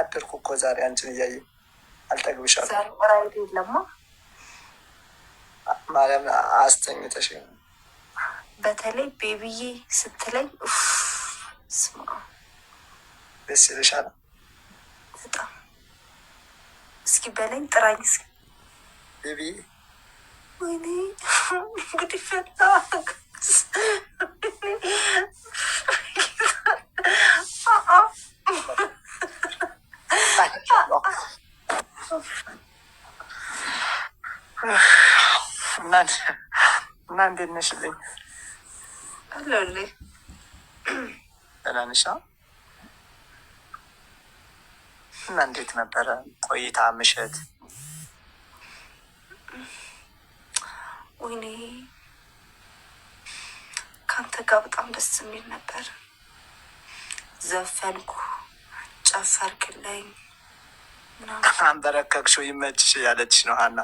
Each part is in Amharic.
አደርኩ እኮ ዛሬ አንቺን እያየ አልጠግብሻለሁ። ራይድ ማርያም አስተኝተሽ በተለይ ቤቢዬ ስትለኝ ደስ ይልሻል በጣም እስኪ በለኝ ጥራኝ እስኪ ቤቢ ወይኔ እንግዲህ ፈታ እና እንዴት እና እንዴት ነበረ ቆይታ ምሽት? ወይኔ ከአንተ ጋር በጣም ደስ የሚል ነበር። ዘፈንኩ ጨፈርክልኝ አንበረከክሽው ይመችሽ ያለችሽ ነው ሀና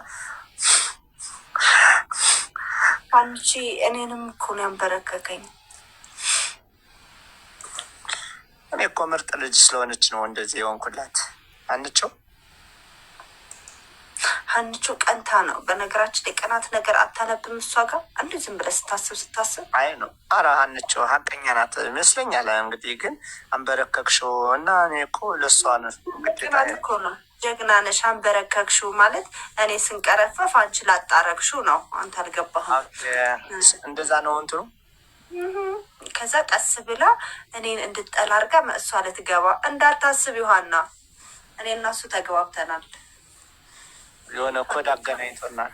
አንቺ እኔንም እኮ ነው ያንበረከከኝ። እኔ እኮ ምርጥ ልጅ ስለሆነች ነው እንደዚህ የሆንኩላት አንቸው ሀንቹ ቀንታ ነው። በነገራችን የቀናት ነገር አታነብም እሷ ጋር አንዱ ዝም ብለህ ስታስብ ስታስብ አይ ነው። አረ ሀንቹ ሀቀኛ ናት ይመስለኛል። እንግዲህ ግን አንበረከክሽው እና እኔ እኮ ለእሷ ነውቅናት እኮ ነው ጀግና ነሽ። አንበረከክሽው ማለት እኔ ስንቀረፈፍ አንቺ ላጣረግሽው ነው። አንተ አልገባህም። እንደዛ ነው እንትኑ ከዛ ቀስ ብላ እኔን እንድጠላርጋ እሷ መእሷ ልትገባ እንዳታስብ፣ ይሆና እኔ እናሱ ተግባብተናል። የሆነ ኮድ አገናኝቶናል።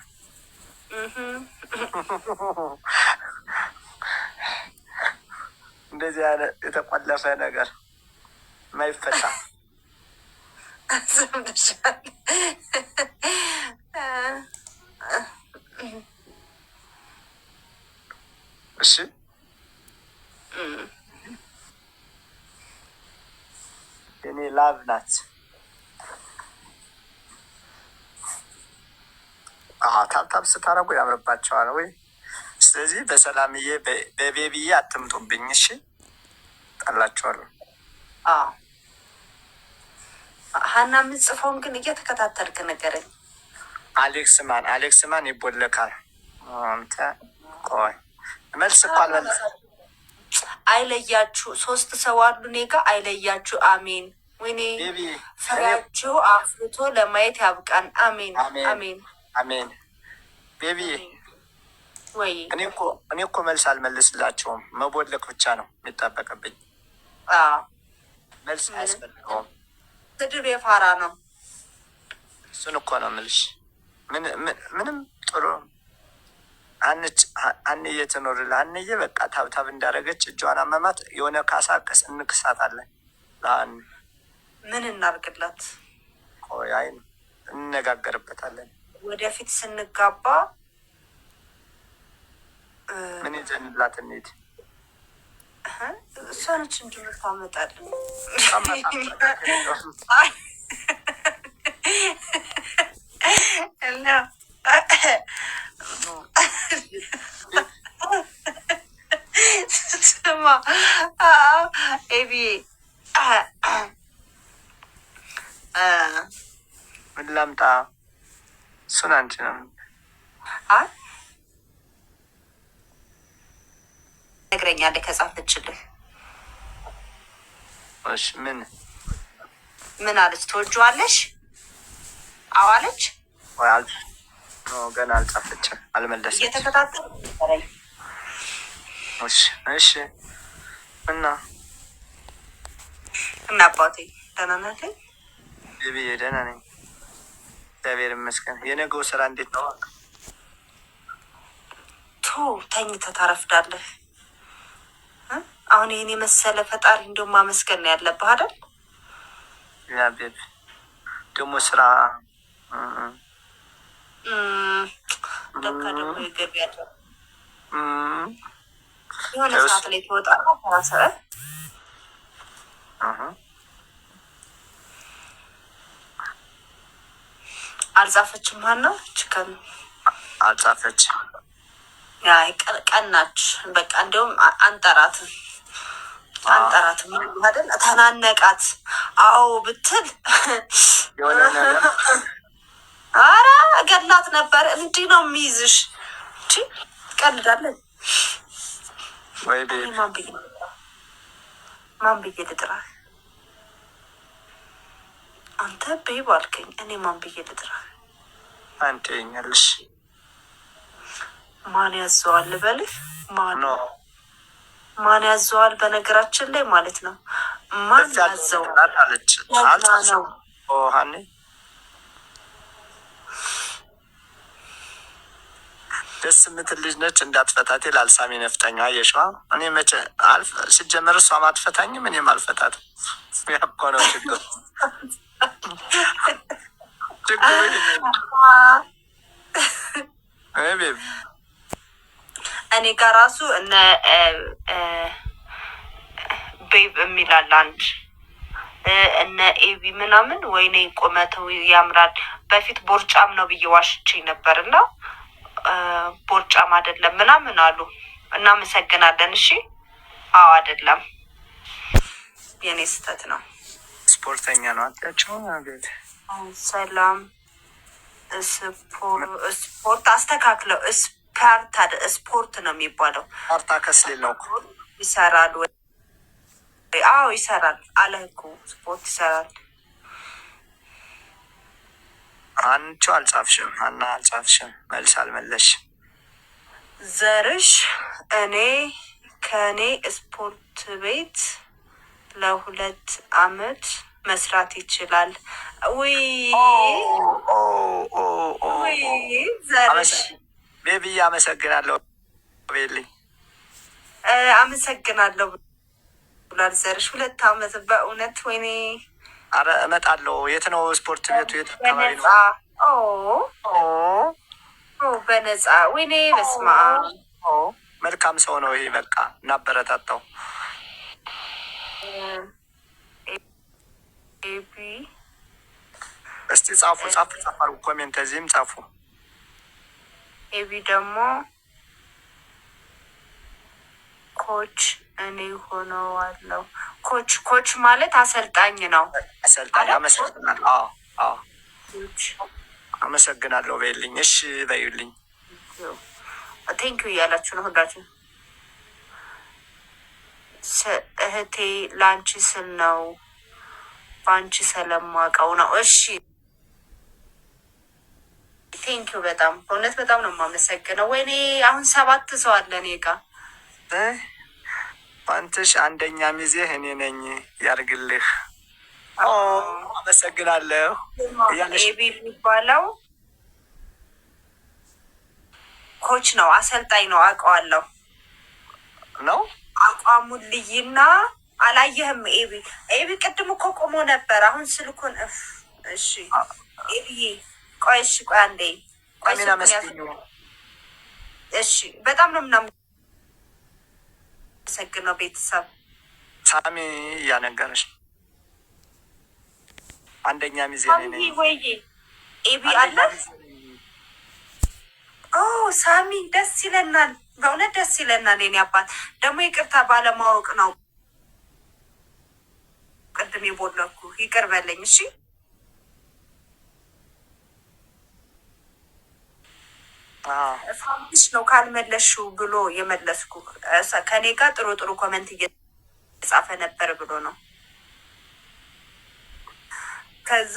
እንደዚህ ያለ የተቆለፈ ነገር ማይፈታ እሺ የኔ ላብ ናት። ሀሳብ ስታረጉ ያምርባቸዋል ወይ? ስለዚህ በሰላምዬ በቤቢዬ አትምጡብኝ። እሺ ጠላቸዋለሁ። ሀና የምጽፈውን ግን እየተከታተልክ ነገረኝ። አሌክስ ማን አሌክስ ማን ይቦለካል። አንተ ቆይ መልስ እኮ አልመለስ አይለያችሁ። ሶስት ሰው አሉ እኔ ጋ አይለያችሁ። አሜን። ወይኔ ፍሬያችሁ አፍርቶ ለማየት ያብቃን። አሜን አሜን አሜን። ቤቢዬ እኔ እኮ እኔ እኮ መልስ አልመልስላቸውም። መቦለክ ብቻ ነው የሚጠበቅብኝ። መልስ አያስፈልገውም። ስድብ የፋራ ነው። እሱን እኮ ነው የምልሽ። ምንም ጥሩ አንዬ ትኖርል አንዬ በቃ ታብታብ እንዳደረገች እጇን አመማት። የሆነ ካሳቀስ እንክሳታለን። ለአን ምን እናርግላት? ቆይ አይ እንነጋገርበታለን። ወደፊት ስንጋባ ምን ይዘንላት እንሂድ? እሷነች እንድምርት አመጣለን። ስማ ኤቢ ምን ላምጣ እሱን አንድ ነው አይ ነግረኛለህ ከጻፈችልህ እሺ ምን ምን አለች ትወጂዋለሽ አዎ አለች ገና አልጻፈችም አልመለሰችም እየተከታተልኩ እሺ እሺ እና እና አባቴ ደህና ነህ ደህና ነኝ እግዚአብሔር ይመስገን። የነገው ስራ እንዴት ነው? ቱ ተኝተህ ታረፍዳለህ። አሁን ይህን የመሰለ ፈጣሪ እንደ ማመስገን ነው ያለብህ አይደል? እግዚአብሔር ደግሞ ስራ ለካ ደግሞ ይገቢያለ የሆነ ሰዓት ላይ ትወጣለህ። አልጻፈችም። ማና ችከን አልጻፈች ቀናች። በቃ እንዲሁም አንጠራትም አንጠራትም አይደል? ተናነቃት። አዎ ብትል አረ ገላት ነበር። እንዲህ ነው የሚይዝሽ። ቀልዳለን ወይ? ማን ብዬ ልጥራ? አንተ በይ ባልከኝ እኔ ማን ብዬ ልጥራ? አንቺ ይኛለሽ። ማን ያዘዋል በልህ? ማን ማን ያዘዋል? በነገራችን ላይ ማለት ነው ማን ያዘው ነው ሀኔ ደስ የምትል ልጅ ነች። እንዳትፈታት ይላል ሳሚ ነፍጠኛ። አየሽዋ እኔ መቼ አልፍ ሲጀመር እሷም አትፈታኝም እኔም አልፈታትም። ያኮ ነው ችግር እኔ ጋር ራሱ እነ ቤብ የሚላል አንድ እነ ኤቢ ምናምን ወይኔ ቁመተው ያምራል። በፊት ቦርጫም ነው ብዬ ዋሽቼ ነበር እና ቦርጫም አይደለም ምናምን አሉ። እናመሰግናለን። እሺ፣ አዎ፣ አይደለም የኔ ስህተት ነው። ስፖርተኛ ነው አጣቸው። ሰላም ስፖርት አስተካክለው ስፓርታ ስፖርት ነው የሚባለው። አርታ ከስሌ ነው ይሰራል ወይ? አዎ ይሰራል አለ እኮ ስፖርት ይሰራል። አንቺ አልጻፍሽም፣ አና አልጻፍሽም፣ መልስ አልመለስሽም። ዘርሽ እኔ ከእኔ ስፖርት ቤት ለሁለት አመት መስራት ይችላል። ውይ ዘርሽ አመሰግናለሁ። ቤልኝ አመሰግናለሁ ብሏል ዘርሽ። ሁለት አመት በእውነት ወይኔ። አረ እመጣለሁ። የት ነው ስፖርት ቤቱ? የት አካባቢ ነው? በነፃ ወይኔ፣ በስመ አብ። መልካም ሰው ነው ይሄ። በቃ እናበረታታው። ኤቢ እስቲ ጻፉ ጻፉ ጻፉ አድርጉ ኮሜንት እዚህም ጻፉ። ኤቢ ደግሞ ኮች እኔ ሆነዋለሁ። ኮች ኮች ማለት አሰልጣኝ ነው። አሰልጣኝ አመሰግናለሁ። አዎ አመሰግናለሁ በይልኝ። እሺ በይልኝ። ዩ እያላችሁ ነው ሁላችሁ። እህቴ ላንቺ ስል ነው በአንቺ ስለማውቀው ነው። እሺ ዩ በጣም በእውነት በጣም ነው የማመሰግነው። ወይኔ አሁን ሰባት ሰው አለ እኔ ጋ። ባንትሽ አንደኛ ሚዜህ እኔ ነኝ ያርግልህ። አመሰግናለሁ። ቤቢ የሚባለው ኮች ነው አሰልጣኝ ነው አውቀዋለሁ ነው አቋሙን ልይና አላየህም? ኤቢ ኤቢ ቅድም እኮ ቆሞ ነበር። አሁን ስልኩን እፍ። እሺ፣ ኤቢዬ ቆይ፣ እሺ፣ ቆይ አንዴ፣ ቆይ። እሺ፣ በጣም ነው የምናመሰግነው ቤተሰብ። ሳሚ እያነገረች አንደኛ ሚዜ ወይ ኤቢ አለ። ኦ ሳሚ፣ ደስ ይለናል፣ በእውነት ደስ ይለናል። የኔ አባት ደግሞ ይቅርታ ባለማወቅ ነው ቅድም የቦለኩ ይቅር በለኝ። እሺ ፋሚሽ ነው ካልመለሹ ብሎ የመለስኩ ከኔ ጋር ጥሩ ጥሩ ኮመንት እየጻፈ ነበር ብሎ ነው። ከዛ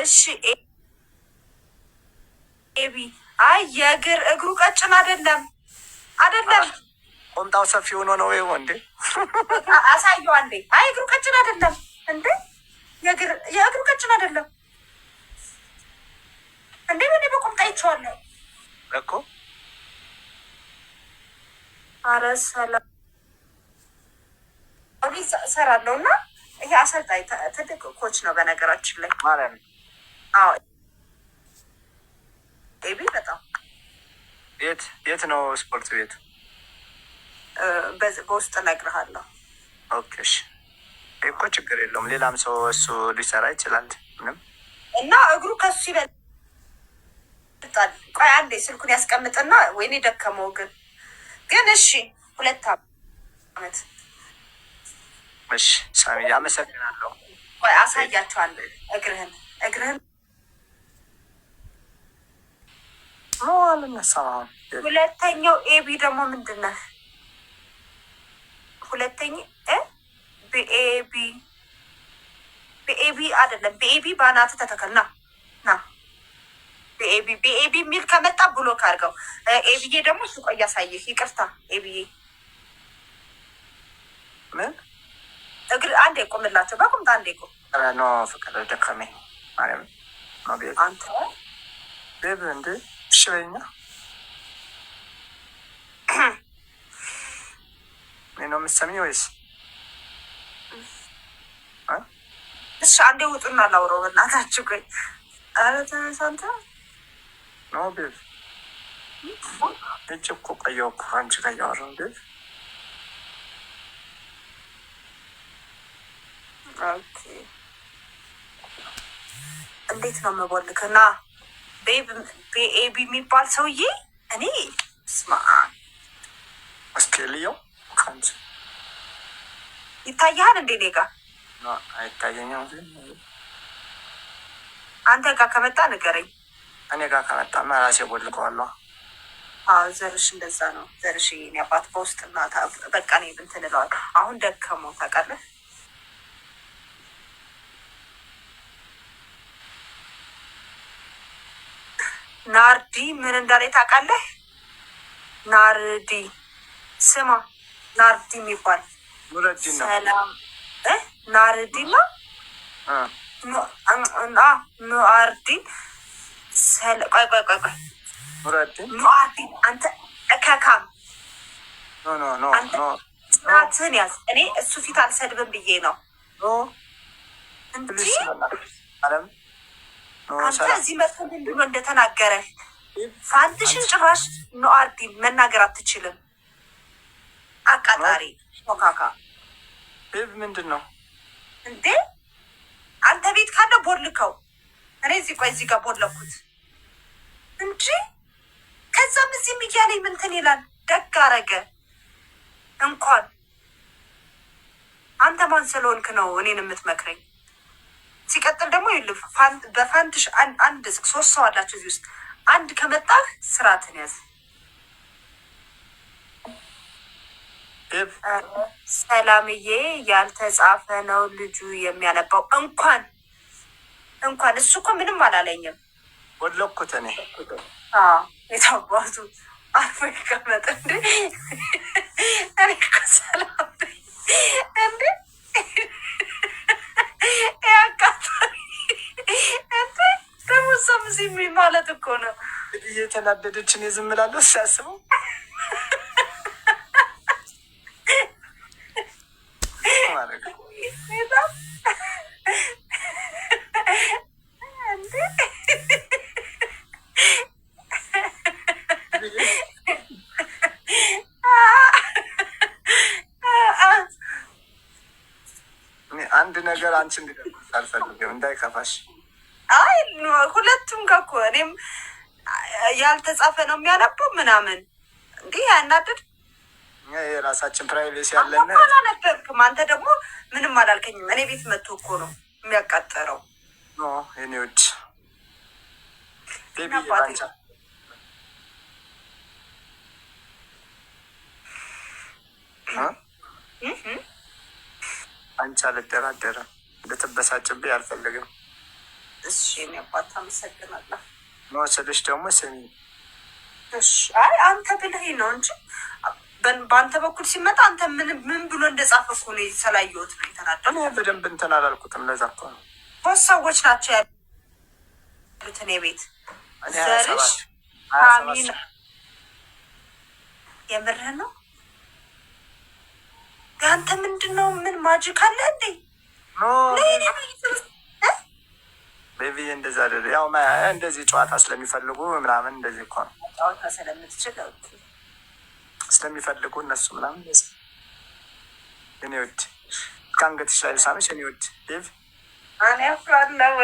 እሺ ኤቢ አይ የእግር እግሩ ቀጭን አይደለም አይደለም ቆምጣው ሰፊ ሆኖ ነው ይሆ እንዴ? አሳየው አንዴ። አይ እግሩ ቀጭን አይደለም እንዴ? የእግሩ ቀጭን አይደለም እንዴ? እኔ በቆምጣ ይቸዋለሁ እኮ። አረ ሰላም ሰራለው እና ይሄ አሰልጣኝ ትልቅ ኮች ነው በነገራችን ላይ ማለት ነው። አዎ ኤቢ በጣም የት የት ነው ስፖርት ቤቱ? በውስጥ እነግርሃለሁ። ኦኬ እኮ ችግር የለውም። ሌላም ሰው እሱ ሊሰራ ይችላል። ምንም እና እግሩ ከሱ ይበልጣል። ቆይ አንዴ ስልኩን ያስቀምጥና፣ ወይኔ ደከመው። ግን ግን እሺ፣ ሁለት አመት እሺ። ሳሚ አመሰግናለሁ። ቆይ አሳያቸዋለሁ እግርህን እግርህን አልነሳ። ሁለተኛው ኤቢ ደግሞ ምንድን ነህ? ሁለተኛ በኤቢ በኤቢ አይደለም፣ በኤቢ በአናት ተተከል ና ና በኤቢ በኤቢ የሚል ከመጣ ብሎክ አድርገው። ኤቢዬ ደግሞ እሱ ቆይ ያሳየህ። ይቅርታ ኤቢዬ ምን እግር አንዴ ቆምላቸው፣ በቁምጣ አንዴ ቁም። ኖ ፍቅር ደከመኝ ማርያም አንተ ቤብ እንዴ ሽበኛ ነው የምትሰሚኝ ወይስ እሺ፣ አንዴ ውጡና ላውረው በእናታችሁ። ቆይ ኧረ ተነሳ አንተ ነው ቤት እጅ እኮ ቆየሁ እኮ አንቺ ጋር እያወራሁ ቤት እንዴት ነው የምቦልክ? እና ቤቢ የሚባል ሰውዬ እኔ ስማ እስኬ ልየው ቀንስ ይታያል እንዴ? እኔ ጋ አይታየኛም። አንተ ጋር ከመጣ ንገረኝ። እኔ ጋር ከመጣ ማ ራሴ ቦልቀዋለሁ። አዎ ዘርሽ እንደዛ ነው። ዘርሽ የእኔ አባት በውስጥ እና በቃ እኔ እንትን እለዋለሁ። አሁን ደከሞ ታውቃለህ። ናርዲ ምን እንዳለኝ ታውቃለህ? ናርዲ ስማ ናርዲ የሚባል ሰላም ናርዲና ኑአርዲን ቆይ ቆይ ቆይ ቆይ ኑአርዲን አንተ እከካም ስርዓትህን ያዝ። እኔ እሱ ፊት አልሰድብም ብዬ ነው እንጂ አንተ እዚህ መጥቶ ምንድን ነው እንደተናገረ ፋንትሽን ጭራሽ ኑአርዲን መናገር አትችልም። አቃጣሪ ሞካካ ብብ ምንድን ነው እንዴ? አንተ ቤት ካለ ቦልከው። እኔ እዚህ ቆይ፣ እዚህ ጋር ቦለኩት እንጂ ከዛም እዚህ እያለኝ ምንትን ይላል። ደግ አረገ እንኳን አንተ ማን ስለሆንክ ነው እኔን የምትመክረኝ? ሲቀጥል ደግሞ በፋንትሽ አንድ ሶስት ሰው አላቸው እዚህ ውስጥ አንድ ከመጣህ ስርዓትን ያዝ። ሰላምዬ ያልተጻፈ ነው ልጁ የሚያነባው። እንኳን እንኳን እሱ እኮ ምንም አላለኝም። ወለኩት እኔ የታባቱ አርፎ ይቀመጥ እንዴ! እኔ እኮ ሰላም እንዴ ደግሞ እሷም እዚህ ማለት እኮ ነው እየተናደደችን የዝም እላለሁ ሲያስበው አንድ ነገር አንቺ እንድደርስ አልፈልግም፣ እንዳይከፋሽ። አይ ሁለቱም ከኮ እኔም ያልተጻፈ ነው የሚያነበው ምናምን እንዲህ ያናድድ የራሳችን ፕራይቬሲ ያለን አላነበብክም። አንተ ደግሞ ምንም አላልከኝም። እኔ ቤት መጥቶ እኮ ነው የሚያቃጠረው። ኔዎች ቤቢ አንቺ አልደራደርም። ልትበሳጭብኝ አልፈልግም። እሺ የኔ አመሰግናለሁ። መወሰዶች ደግሞ ስሚ። አይ አንተ ብልህ ነው እንጂ በአንተ በኩል ሲመጣ አንተ ምን ምን ብሎ እንደጻፈ እኮ ነው የተለያየሁት ነው የተናደው። በደንብ እንትን አላልኩትም። ለዛ እኮ ነው ሶስት ሰዎች ናቸው ያሉት እኔ ቤት ዘርሽ ሚን የምርህ ነው ያንተ ምንድን ነው? ምን ማጅክ አለ እንዴ? ቤቢዬ እንደዚህ አይደለ። ያው እንደዚህ ጨዋታ ስለሚፈልጉ ምናምን እንደዚህ እኮ ነው ጨዋታ ስለምትችል ስለሚፈልጉ እነሱ ምናምን እኔ ውድ ከአንገትሽ ላይ ሳምሽ እኔ ውድ ሌቭ እኔ አለው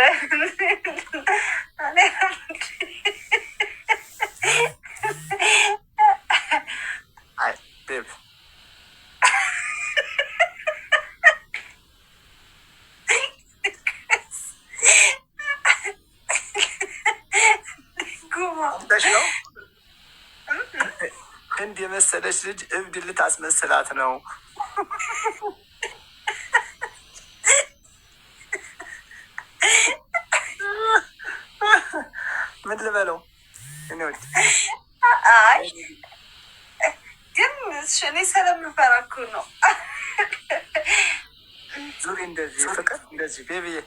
የመሰለች ልጅ እብድ ልታስመስላት ነው። ምን ልበለው? አይ ግን እኔ ስለምፈራ እኮ ነው። ዙሪ እንደዚህ ፍቅር እንደዚህ ቤቢዬ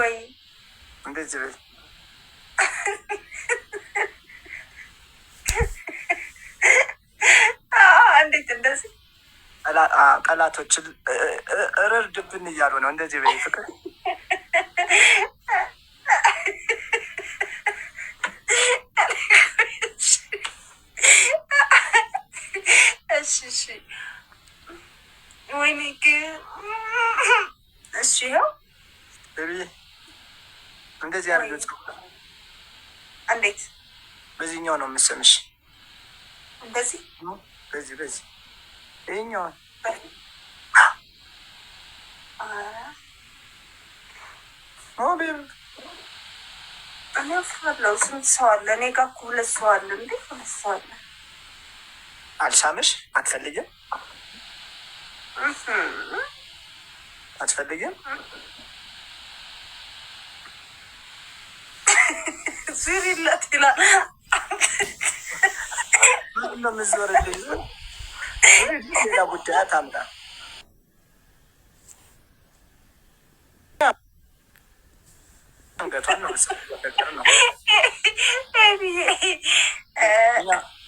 ወይ እንደዚህ በይ ጠላቶችን እረርድብን እያሉ ነው። እንደዚህ በይ ፍቅር እንደዚህ በዚህኛው ነው የምሰምሽ። በዚህ በዚህ በዚህ ይህኛውን እኔ አስባለሁ። ስንት ሰው አለ? እኔ ጋር እኮ ሁለት ሰው አለ። እንዴ ሁለት ሰው አለ። አልሳምሽ? አትፈልግም? አትፈልግም? ዙሪላት ይላል። ምነው ምዞርልኝ ሌላ ጉዳይ አታምጣ።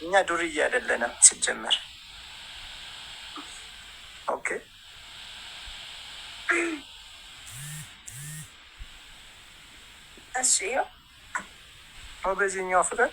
እኛ ዱርዬ አይደለንም ሲጀመር። ኦኬ እሺ በዚህኛው ፍቅር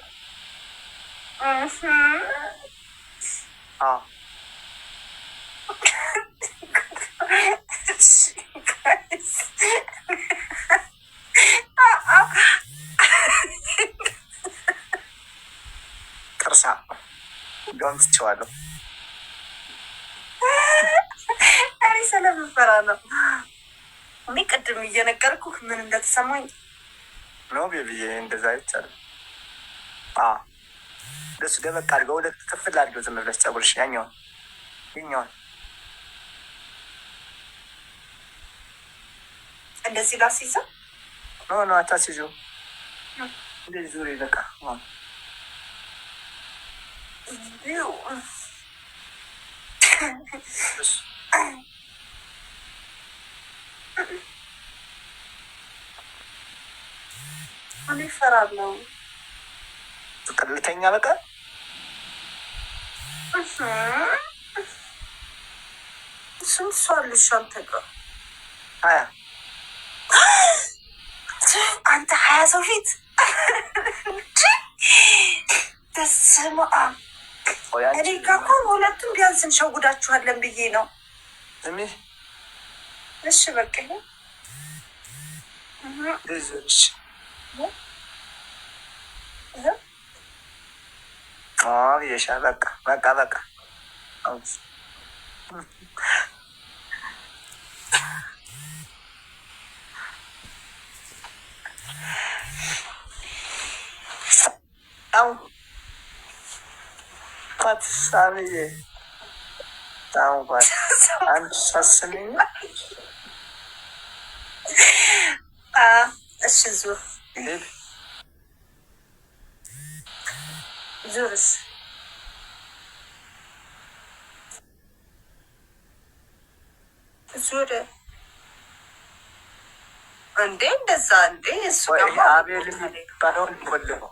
ሆን ትችዋለሁ። እኔ ስለምፈራ ነው። እኔ ቅድም እየነገርኩ ምን እንደተሰማኝ ነው። ቤብዬ እንደዛ አይቻልም። ደሱ ደበቃ አድርገው ወደ ክፍል አድርገው ዝም ብለሽ ጸጉርሽ ያኛውን ይኛውን እንደዚህ ላስይዘው ኖ ኖ አታስይዙ እንደዚህ ዙሪ በቃ 六。እኔ እፈራለሁ። ቀልተኛ በቃ ስንት ሰው አለሽ አንተ ጋር? ሀያ አንተ ሀያ ሰው ፊት በስመ አብ እኔ ጋ እኮ በሁለቱም ቢያንስ እንሸውዳችኋለን ብዬ ነው። እሺ በቃ በቃ በቃ እንኳን ሳምዬ እንዴ እንደዛ እንዴ እሱ አቤል የሚባለውን ወልነው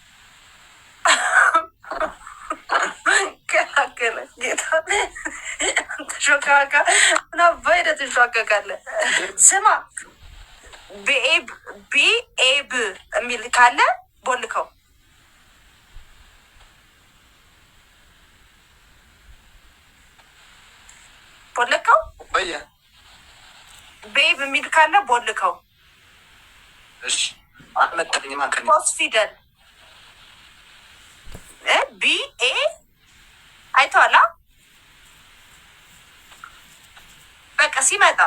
ተንሸዋካ እና በሄደ ትንሸዋከቃለ ስማ ቢኤብ ቢኤብ የሚል ካለ ቦልከው ቦልከው ቤብ የሚል ካለ ቦልከው። ሶስት ፊደል ቢ ኤ አይተዋላ በቃ ሲመጣ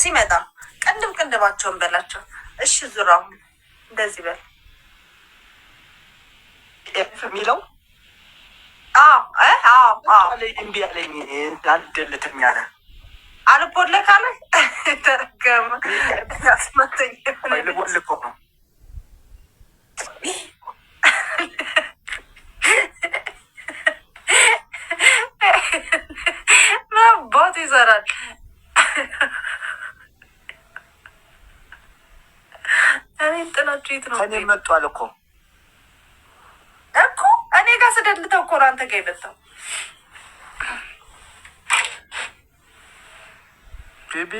ሲመጣ ቅንድብ ቅንድባቸውን በላቸው። እሺ ዙራ እንደዚህ በል የሚለው እምቢ አለኝ አልደልትም ያለ አልቦለካለ ተረገመ ያስመተኝ ልቦልኮ ነው ከኔ መጧል እኮ እኮ እኔ ጋር ስደልተው እኮ ነው አንተ ጋር የመጣው ቤቢ።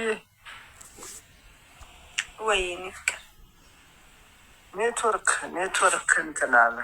ወይኔ ኔትወርክ ኔትወርክ እንትን አለ